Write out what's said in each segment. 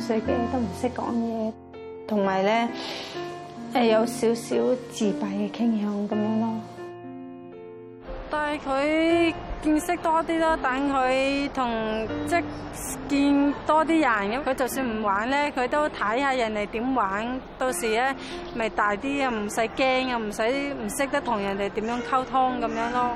水機都唔識講嘢，同埋咧誒有少少自閉嘅傾向咁樣咯。但係佢見識多啲咯，等佢同即見多啲人咁，佢就算唔玩咧，佢都睇下人哋點玩。看看玩到時咧咪大啲又唔使驚，又唔使唔識得同人哋點樣溝通咁樣咯。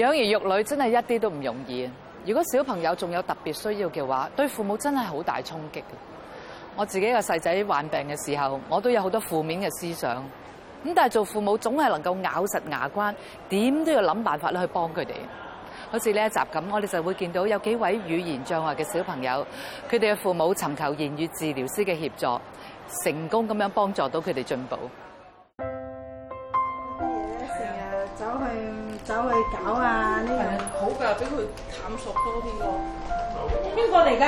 養兒育女真係一啲都唔容易。如果小朋友仲有特別需要嘅話，對父母真係好大衝擊。我自己個細仔患病嘅時候，我都有好多負面嘅思想。但係做父母總係能夠咬實牙關，點都要諗辦法咧去幫佢哋。好似呢一集咁，我哋就會見到有幾位語言障礙嘅小朋友，佢哋嘅父母尋求言語治療師嘅協助，成功咁樣幫助到佢哋進步。去搞啊！呢樣好噶，俾佢探索多啲喎。邊個嚟噶？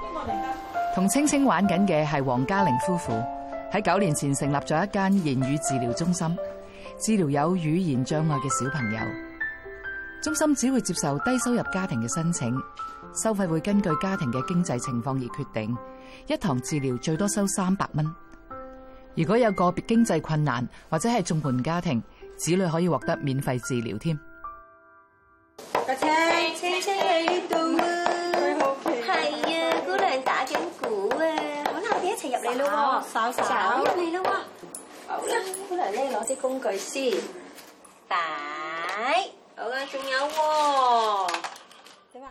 邊個嚟噶？同青青玩緊嘅係黃家寧夫婦，喺九年前成立咗一間言語治療中心，治療有語言障礙嘅小朋友。中心只會接受低收入家庭嘅申請，收費會根據家庭嘅經濟情況而決定。一堂治療最多收三百蚊。如果有個別經濟困難或者係重病家庭，子女可以獲得免費治療添。我聽青青喺度啊，係啊，姑娘打緊鼓啊，我哋一齊入嚟咯，嫂嫂入嚟咯。好啦，姑娘咧攞啲工具先。仔，好啦，仲有。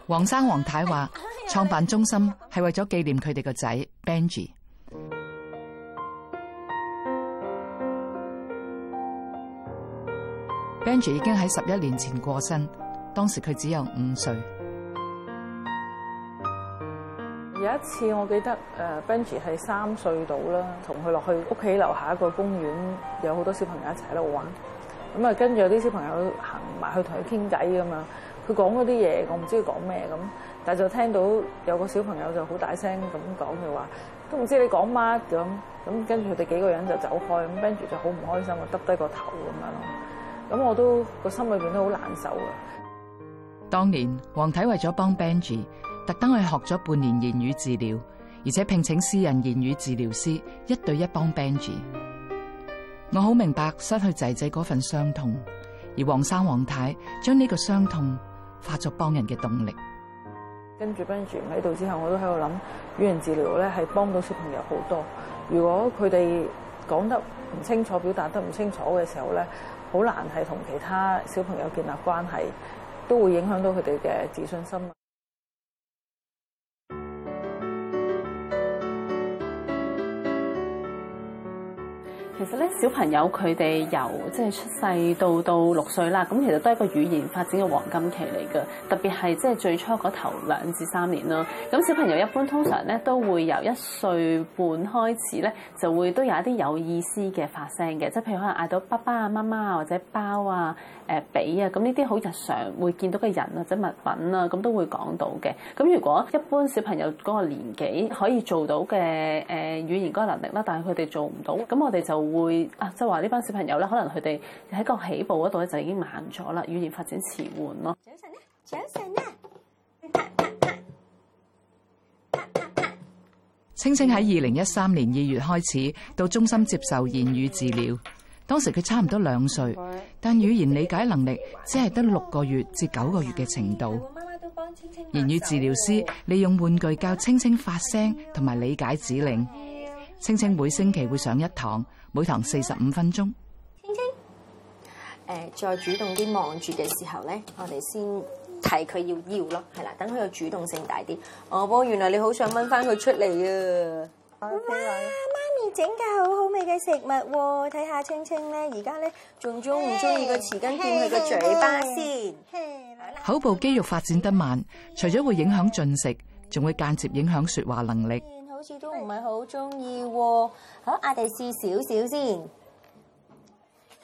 黃生黃太話，創辦中心係為咗紀念佢哋個仔 Benji。Benji 已經喺十一年前過身，當時佢只有五歲。有一次我記得，誒，Benji 係三歲到啦，同佢落去屋企樓下一個公園，有好多小朋友一齊喺度玩。咁啊，跟住有啲小朋友行埋去同佢傾偈噶嘛，佢講嗰啲嘢，我唔知佢講咩咁，但係就聽到有個小朋友就好大聲咁講佢話，都唔知你講乜咁。咁跟住佢哋幾個人就走開，咁 Benji 就好唔開心，耷低個頭咁樣咯。咁我都個心裏邊都好難受啊。當年黃太為咗幫 Benji，特登去學咗半年言語治療，而且聘請私人言語治療師一對一幫 Benji。我好明白失去仔仔嗰份傷痛，而黃生黃太將呢個傷痛化作幫人嘅動力。跟住 Benji 喺度之後，我都喺度諗語言治療咧，係幫到小朋友好多。如果佢哋講得唔清楚，表達得唔清楚嘅時候咧，好難係同其他小朋友建立關係，都會影響到佢哋嘅自信心。其實咧，小朋友佢哋由即係出世到到六歲啦，咁其實都係一個語言發展嘅黃金期嚟嘅，特別係即係最初嗰頭兩至三年啦。咁小朋友一般通常咧都會由一歲半開始咧，就會都有一啲有意思嘅發聲嘅，即係譬如可能嗌到爸爸啊、媽媽啊或者包啊、誒畀啊，咁呢啲好日常會見到嘅人或者物品啊，咁都會講到嘅。咁如果一般小朋友嗰個年紀可以做到嘅誒語言嗰個能力啦，但係佢哋做唔到，咁我哋就。會啊，即係話呢班小朋友咧，可能佢哋喺個起步嗰度咧就已經慢咗啦，語言發展遲緩咯。早晨咧，早晨咧。青青喺二零一三年二月開始到中心接受言語治療，當時佢差唔多兩歲，但語言理解能力只係得六個月至九個月嘅程度。言語治療師利用玩具教青青發聲同埋理解指令。青青每星期會上一堂，每堂四十五分鐘。青青，誒，再主動啲望住嘅時候咧，我哋先提佢要要咯，係啦，等佢嘅主動性大啲。哦，原來你好想掹翻佢出嚟啊！哇，媽咪整嘅好好味嘅食物，睇下青青咧，而家咧仲中唔中意個匙羹掂佢個嘴巴先。嘿，來啦！口部肌肉發展得慢，除咗會影響進食，仲會間接影響說話能力。次都唔係好中意喎，好，我哋試少少先一點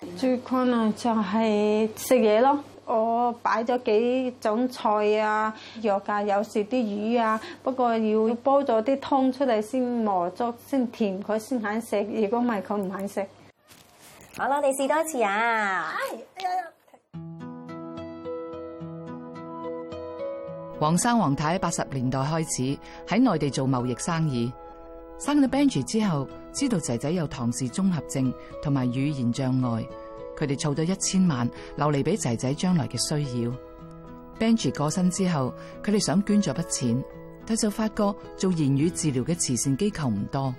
點。最困難就係食嘢咯，我擺咗幾種菜啊、藥架，有時啲魚啊，不過要煲咗啲湯出嚟先磨粥先甜，佢先肯食。如果唔係，佢唔肯食。好啦，我哋試多次啊。哎呀呀。黃生黃太喺八十年代開始喺內地做貿易生意，生咗 Benji 之後，知道仔仔有唐氏綜合症同埋語言障礙，佢哋儲咗一千萬留嚟俾仔仔將來嘅需要。Benji 過身之後，佢哋想捐咗筆錢，但就發覺做言語治療嘅慈善機構唔多，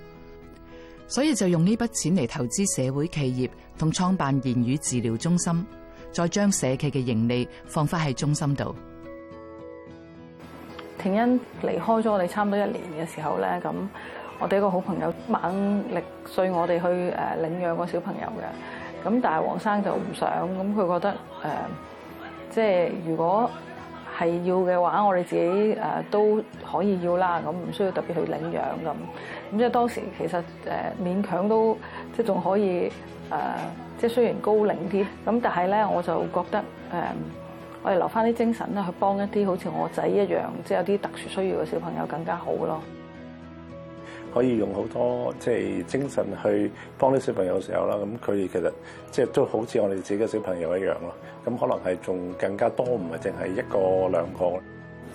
所以就用呢筆錢嚟投資社會企業同創辦言語治療中心，再將社企嘅盈利放翻喺中心度。婷欣離開咗我哋差唔多一年嘅時候咧，咁我哋一個好朋友猛力追我哋去誒領養個小朋友嘅，咁但係黃生就唔想，咁佢覺得誒，即、呃、係、就是、如果係要嘅話，我哋自己誒都可以要啦，咁唔需要特別去領養咁。咁即係當時其實誒勉強都即係仲可以誒、呃，即係雖然高齡啲，咁但係咧我就覺得誒。呃我哋留翻啲精神咧，去幫一啲好似我仔一樣，即係有啲特殊需要嘅小朋友更加好咯。可以用好多即係、就是、精神去幫啲小朋友嘅時候啦，咁佢哋其實即係、就是、都好似我哋自己嘅小朋友一樣咯。咁可能係仲更加多，唔係淨係一個兩個。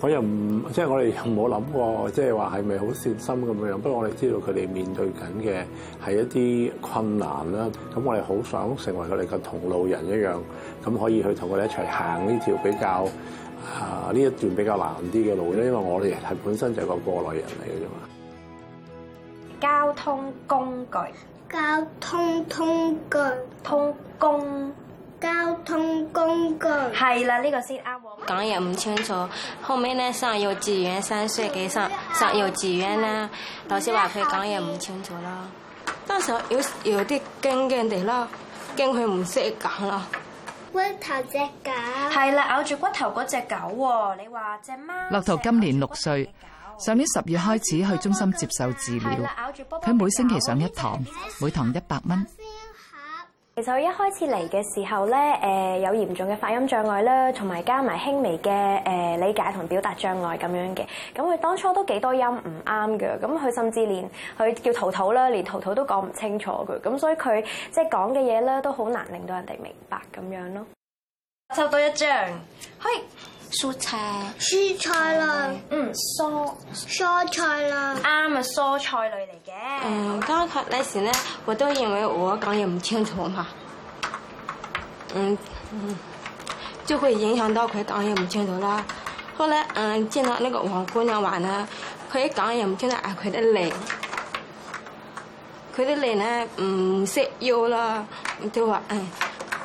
我又唔即係，我哋又冇諗過，即係話係咪好善心咁樣？不過我哋知道佢哋面對緊嘅係一啲困難啦。咁我哋好想成為佢哋嘅同路人一樣，咁可以去同佢哋一齊行呢條比較啊呢一段比較難啲嘅路咧。因為我哋係本身就係個過來人嚟嘅啫嘛。交通工具，交通工具，通工。交通工具係啦，呢、呢個先啱我。講嘢唔清楚，後尾呢生，幼稚園三歲幾生，生幼稚園啦。老師話佢講嘢唔清楚啦。當時我有有啲驚驚地咯，驚佢唔識講咯。骨頭，狗骨頭，隻狗係啦，咬住骨頭嗰隻狗喎。你話隻貓。駱駝今年六歲，上年十月開始去中心接受治療，佢每星期上一堂，每堂一百蚊。其實佢一開始嚟嘅時候咧，誒有嚴重嘅發音障礙啦，同埋加埋輕微嘅誒理解同表達障礙咁樣嘅。咁佢當初都幾多音唔啱嘅，咁佢甚至連佢叫桃桃啦，連桃桃都講唔清楚佢，咁所以佢即係講嘅嘢咧都好難令到人哋明白咁樣咯。抽到一張，開。蔬菜。蔬菜類。嗯，蔬。蔬菜類。啱、嗯、啊，蔬菜類嚟嘅。嗯，剛開始呢時咧，我都認為我講嘢唔清楚嘛。嗯嗯，就會影響到佢講嘢唔清楚啦。後來嗯見到呢個黃姑娘呢話咧，佢一講嘢唔清楚啊，佢啲嚟，佢啲嚟咧唔需要啦，就話誒。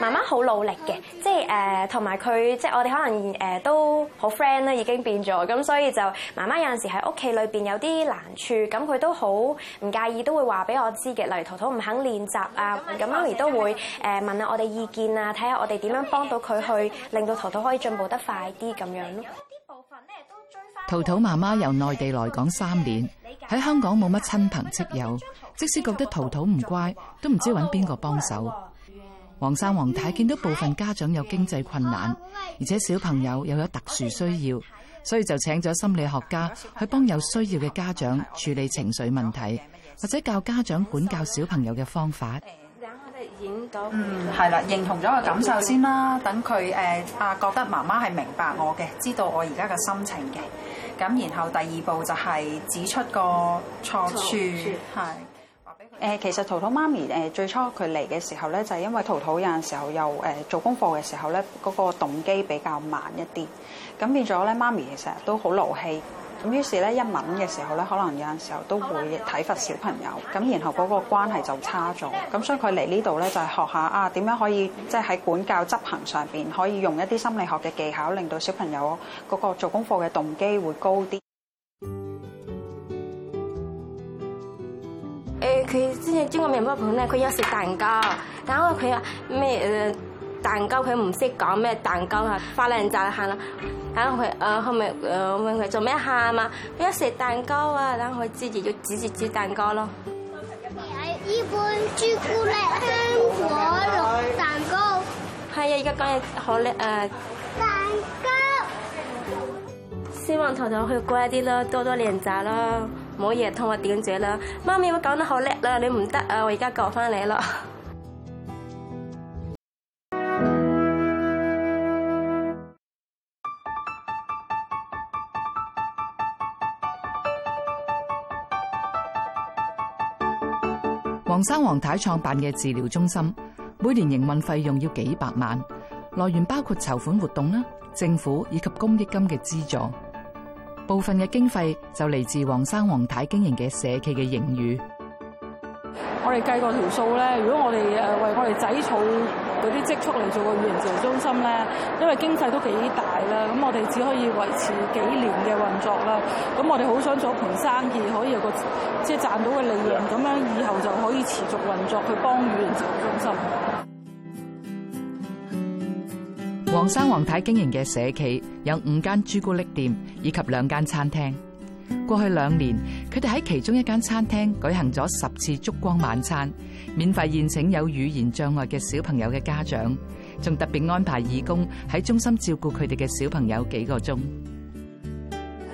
媽媽好努力嘅，即係誒同埋佢即係我哋可能誒都好 friend 啦，已經變咗咁，所以就媽媽有陣時喺屋企裏邊有啲難處，咁佢都好唔介意，都會話俾我知嘅。例如陶陶唔肯練習啊，咁媽咪都會誒問下我哋意見啊，睇下我哋點樣幫到佢去令到陶陶可以進步得快啲咁樣咯。陶陶媽媽由內地來港三年，喺香港冇乜親朋戚友，即使覺得陶陶唔乖，都唔知揾邊個幫手。黃生黃太見到部分家長有經濟困難，而且小朋友又有特殊需要，所以就請咗心理學家去幫有需要嘅家長處理情緒問題，或者教家長管教小朋友嘅方法。嗯，係啦，認同咗個感受先啦，等佢誒啊覺得媽媽係明白我嘅，知道我而家嘅心情嘅。咁然後第二步就係指出個錯處，係。誒，其實淘淘媽咪誒，最初佢嚟嘅時候咧，就係因為淘淘有陣時候又誒做功課嘅時候咧，嗰個動機比較慢一啲，咁變咗咧，媽咪其實都好勞氣，咁於是咧一晚嘅時候咧，可能有陣時候都會體罰小朋友，咁然後嗰個關係就差咗，咁所以佢嚟呢度咧就係學下啊，點樣可以即係喺管教執行上邊，可以用一啲心理學嘅技巧，令到小朋友嗰個做功課嘅動機會高啲。誒佢之前煎個麵包盤咧，佢有食蛋糕，但係佢話咩誒蛋糕佢唔識講咩蛋糕，呃呃、蛋糕啊，發爛渣喊啦，等佢誒後尾誒問佢做咩喊啊，有食蛋糕啊，等佢自己要自己煮蛋糕咯。媽咪，朱古力香果綠蛋糕。係啊，而家講嘢好叻啊，蛋糕。希望桃桃會乖啲咯，多多練習咯。冇嘢，同我點咗啦，媽咪會講得好叻啦，你唔得啊，我而家救翻你啦。黃生黃太創辦嘅治療中心，每年營運費用要幾百萬，來源包括籌款活動啦、政府以及公益金嘅資助。部分嘅經費就嚟自黃生黃太經營嘅社企嘅盈餘。我哋計過條數咧，如果我哋誒為我哋仔儲嗰啲積蓄嚟做個語言治療中心咧，因為經濟都幾大啦，咁我哋只可以維持幾年嘅運作啦。咁我哋好想做盤生意，可以有個即係賺到嘅利潤，咁樣以後就可以持續運作去幫語言治療中心。黃生黃太經營嘅社企有五間朱古力店，以及兩間餐廳，過去兩年，佢哋喺其中一間餐廳舉行咗十次燭光晚餐，免費宴請有語言障礙嘅小朋友嘅家長，仲特別安排義工喺中心照顧佢哋嘅小朋友幾個鐘。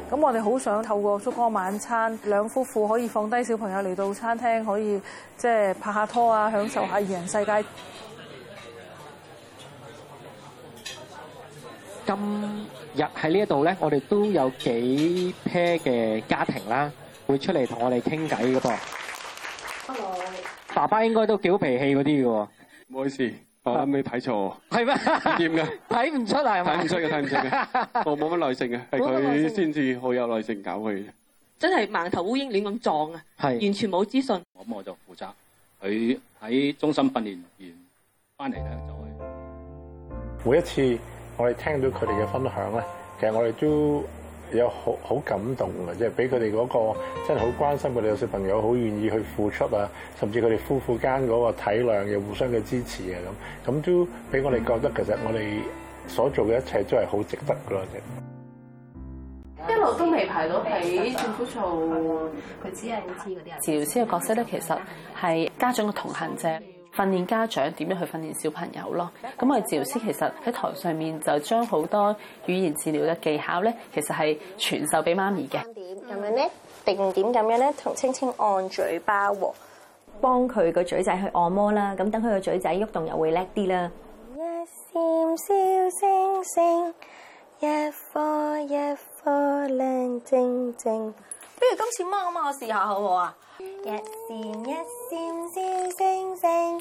咁我哋好想透過燭光晚餐，兩夫婦可以放低小朋友嚟到餐廳，可以即係拍下拖啊，享受下二人世界。咁。入喺呢一度咧，我哋都有幾 pair 嘅家庭啦，會出嚟同我哋傾偈嘅噃。Hello，爸爸應該都幾好脾氣嗰啲嘅喎。唔好意思，爸爸未睇錯。係咩？唔掂嘅。睇 唔出係睇唔出嘅，睇唔出嘅。 我冇乜耐性嘅，係佢先至好有耐性搞佢。真係盲頭烏蠅亂咁撞啊！係，完全冇資訊。咁我就負責。佢喺中心訓練完翻嚟咧，回來就係每一次。我哋聽到佢哋嘅分享咧，其實我哋都有好好感動嘅，即係俾佢哋嗰個真係好關心佢哋有小朋友，好願意去付出啊，甚至佢哋夫婦間嗰個體諒嘅互相嘅支持啊咁，咁都俾我哋覺得其實我哋所做嘅一切都係好值得嘅。嗯。一路都未排到喺政府做，佢只係呢啲啲啊。治療師嘅角色咧，其實係家長嘅同行者。訓練家長點樣去訓練小朋友咯。咁、嗯、我哋治療師其實喺台上面就將好多語言治療嘅技巧咧，其實係傳授俾媽咪嘅。點咁樣咧？定點咁樣咧？同青青按嘴巴，幫佢個嘴仔去按摩啦。咁等佢個嘴仔喐動，動又會叻啲啦。一閃笑星星，一顆一顆亮晶晶。不如今次媽媽我試下好唔好啊？一閃一閃閃星星，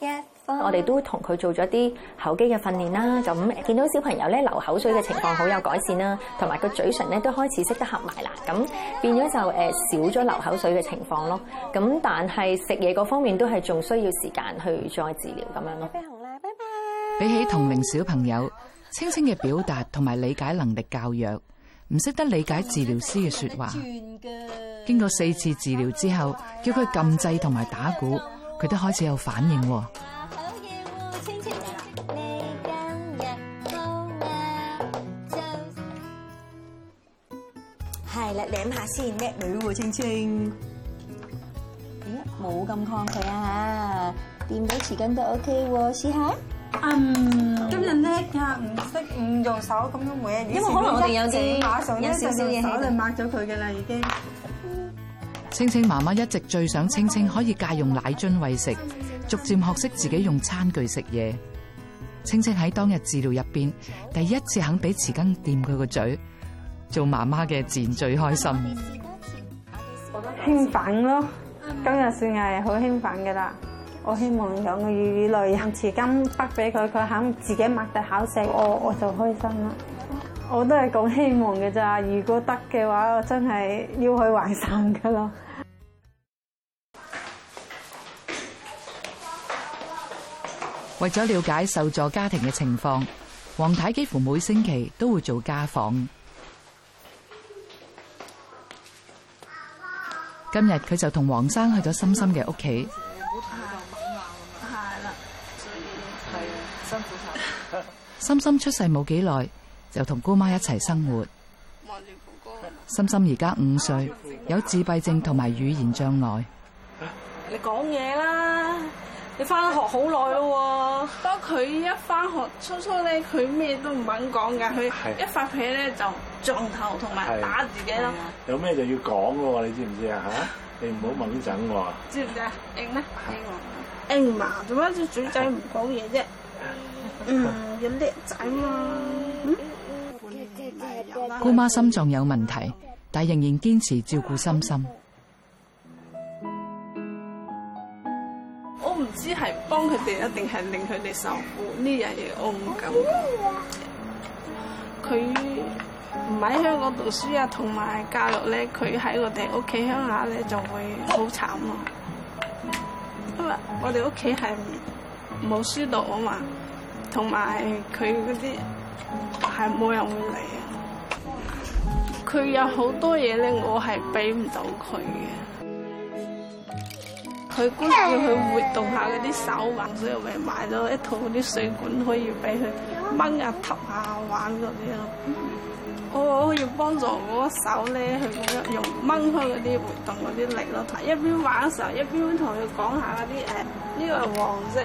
一方，我哋都同佢做咗啲口肌嘅訓練啦，咁見到小朋友咧流口水嘅情況好有改善啦，同埋個嘴唇咧都開始識得合埋啦，咁變咗就誒少咗流口水嘅情況咯。咁但係食嘢嗰方面都係仲需要時間去再治療咁樣咯。拜拜。比起同齡小朋友，青青嘅表達同埋理解能力較弱，唔識得理解治療師嘅說話。經過四次治療之後，叫佢撳掣同埋打鼓，佢都開始有反應喎。係啦，舐下先，叻女喎，青青。咦，冇咁抗拒啊嚇，掂到匙羹都 OK 喎，試下。天呢，嗯，今日叻，呀、嗯，唔識唔用手咁樣搲，而係已經馬上咧就用可能抹咗佢嘅啦，已經。青青媽媽一直最想青青可以戒用奶樽喂食，青青青青青青青青逐漸學識自己用餐具食嘢。青青喺當日治療入邊第一次肯俾匙羹掂佢個嘴，做媽媽嘅自然最開心。興奮咯，今日算係好興奮嘅啦。我希望有匙羹筷俾佢，佢肯自己擘大口食，我我就開心啦。我都係咁希望嘅咋，如果得嘅話，我真係要去還神噶咯。為咗了，了解受助家庭嘅情況，黃太幾乎每星期都會做家訪。今日佢就同黃生去咗深深嘅屋企。深深出世冇幾耐，就同姑媽一齊生活。望住深深而家五歲，有自閉症同埋語言障礙。你講嘢啦！你翻學好耐咯，不過佢一翻學初初咧，佢咩都唔肯講噶，佢一發脾咧就撞頭同埋打自己咯。有咩就要講噶，你知唔知啊？吓，你唔好掹緊我。知唔知啊？應咧？應我？應嘛？做乜隻嘴仔唔講嘢啫？ 嗯，有叻仔嘛、嗯？姑媽心臟有問題，但仍然堅持照顧心心。我唔知係幫佢哋，一定係令佢哋受苦呢樣嘢，我唔敢。佢唔喺香港讀書啊，同埋教育咧，佢喺我哋屋企鄉下咧，就會好慘啊。因為我哋屋企係。冇書讀啊嘛，同埋佢嗰啲係冇人會嚟啊。佢有好多嘢咧，我係俾唔到佢嘅。佢估住佢活動下嗰啲手環，所以我咪買咗一套嗰啲水管可以俾佢掹下、吸下、玩嗰啲咯。我要幫助我手咧，佢嗰個用掹開嗰啲活動嗰啲力咯。一邊玩嘅時候，一邊同佢講下嗰啲誒，呢個係黃色。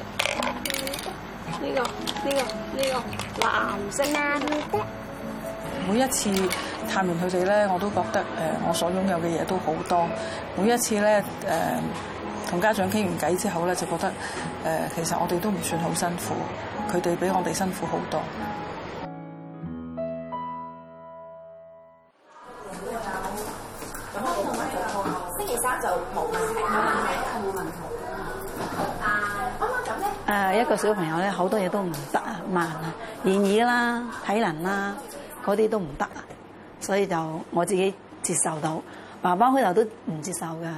呢、呢個呢、呢個呢、呢個藍色啦，每一次探完佢哋咧，我都覺得誒，我所擁有嘅嘢都好多。每一次咧誒，同、呃、家長傾完偈之後咧，就覺得誒、呃，其實我哋都唔算好辛苦，佢哋比我哋辛苦好多。星期三就冇問題，冇問題都一個小朋友咧，好多嘢都唔得啊，慢啊，言語啦、體能啦，嗰啲都唔得啊，所以就我自己接受到，爸爸開頭都唔接受噶，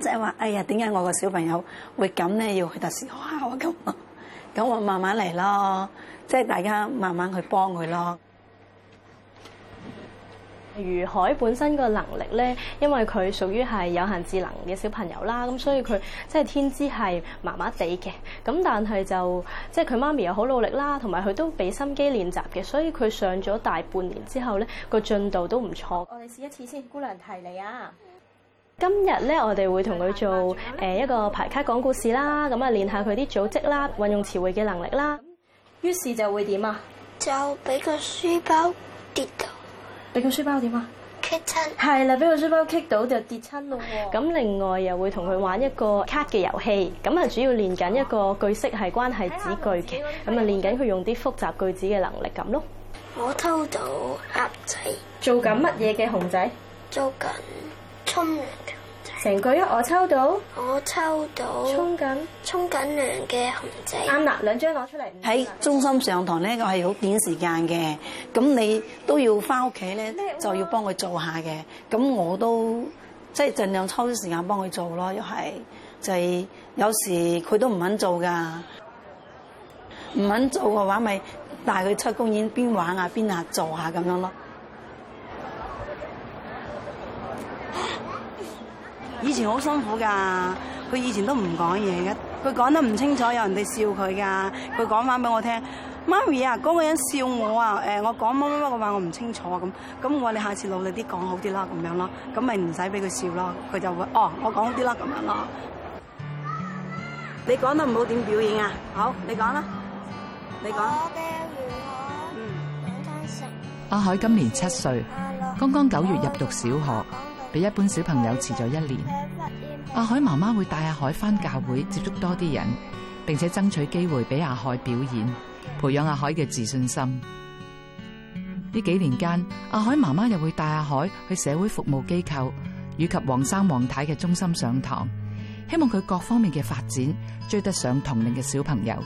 即係話，哎呀，點解我個小朋友會咁咧？要去特殊學校啊咁啊，咁我慢慢嚟咯，即係大家慢慢去幫佢咯。如海本身個能力咧，因為佢屬於係有限智能嘅小朋友啦，咁所以佢即係天資係麻麻地嘅。咁但係就即係佢媽咪又好努力啦，同埋佢都俾心機練習嘅，所以佢上咗大半年之後咧，個進度都唔錯。我哋試一次先，姑娘提你啊！今日咧，我哋會同佢做誒一個排卡講故事啦，咁啊練下佢啲組織啦、運用詞彙嘅能力啦。於是就會點啊？就俾個書包跌俾個書包點啊？跌親係啦，俾個書包跌到就跌親咯。咁另外又會同佢玩一個卡嘅遊戲，咁啊主要練緊一個句式係關係子句嘅，咁啊練緊佢用啲複雜句子嘅能力咁咯。我偷到鴨仔。做緊乜嘢嘅熊仔？做緊沖涼成個一我抽到，我抽到，沖緊，沖緊涼嘅熊仔。啱啦，兩張攞出嚟。喺中心上堂呢個係好短時間嘅，咁你都要翻屋企咧，就要幫佢做下嘅。咁我都即係盡量抽啲時間幫佢做咯，又係就係、是、有時佢都唔肯做噶，唔肯做嘅話咪帶佢出公園邊玩呀，邊呀，做下咁樣咯。以前好辛苦噶，佢以前都唔講嘢嘅，佢講得唔清楚，有人哋笑佢噶，佢講翻俾我聽，媽咪啊，嗰個人笑我啊，誒，我講乜乜乜嘅話我唔清楚咁，咁我話你下次努力啲講好啲啦，咁樣咯，咁咪唔使俾佢笑啦，佢就會，哦，我講好啲啦咁樣咯。你講得唔好點表演啊？好，你講啦，你講。我嘅阿海。嗯。阿海今年七歲，剛剛九月入讀小學。比一般小朋友遲咗一年，阿海媽媽會帶阿海返教會接觸多啲人，並且爭取機會俾阿海表演，培養阿海嘅自信心。呢幾年間，阿海媽媽又會帶阿海去社會服務機構以及黃生黃太嘅中心上堂，希望佢各方面嘅發展追得上同齡嘅小朋友。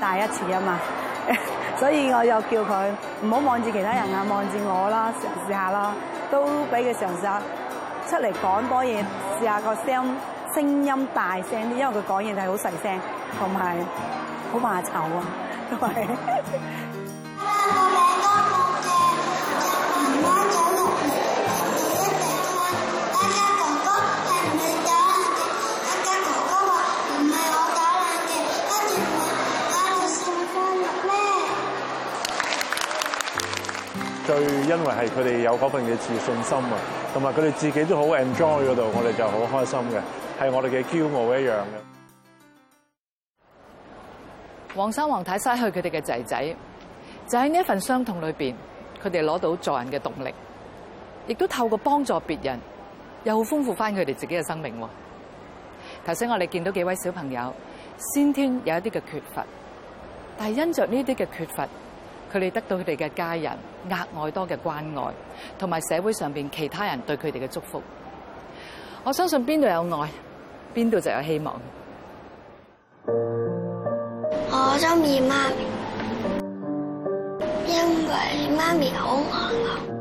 大一次啊嘛， 所以我又叫佢唔好望住其他人啊，望住我啦，嘗試下啦，都俾佢嘗試下出嚟講多嘢，試下個聲聲音大聲啲，因為佢講嘢就係好細聲，同埋好怕醜啊，係。 因為係佢哋有嗰份嘅自信心啊，同埋佢哋自己都好 enjoy 嗰度，我哋就好開心嘅，係我哋嘅驕傲一樣嘅。黃生黃太失去佢哋嘅仔仔，就喺呢一份傷痛裏邊，佢哋攞到助人嘅動力，亦都透過幫助別人，又好豐富翻佢哋自己嘅生命。頭先我哋見到幾位小朋友先天有一啲嘅缺乏，但係因着呢啲嘅缺乏。佢哋得到佢哋嘅家人額外多嘅關愛，同埋社會上邊其他人對佢哋嘅祝福。我相信邊度有愛，邊度就有希望。我中意媽咪，因為媽咪好愛我。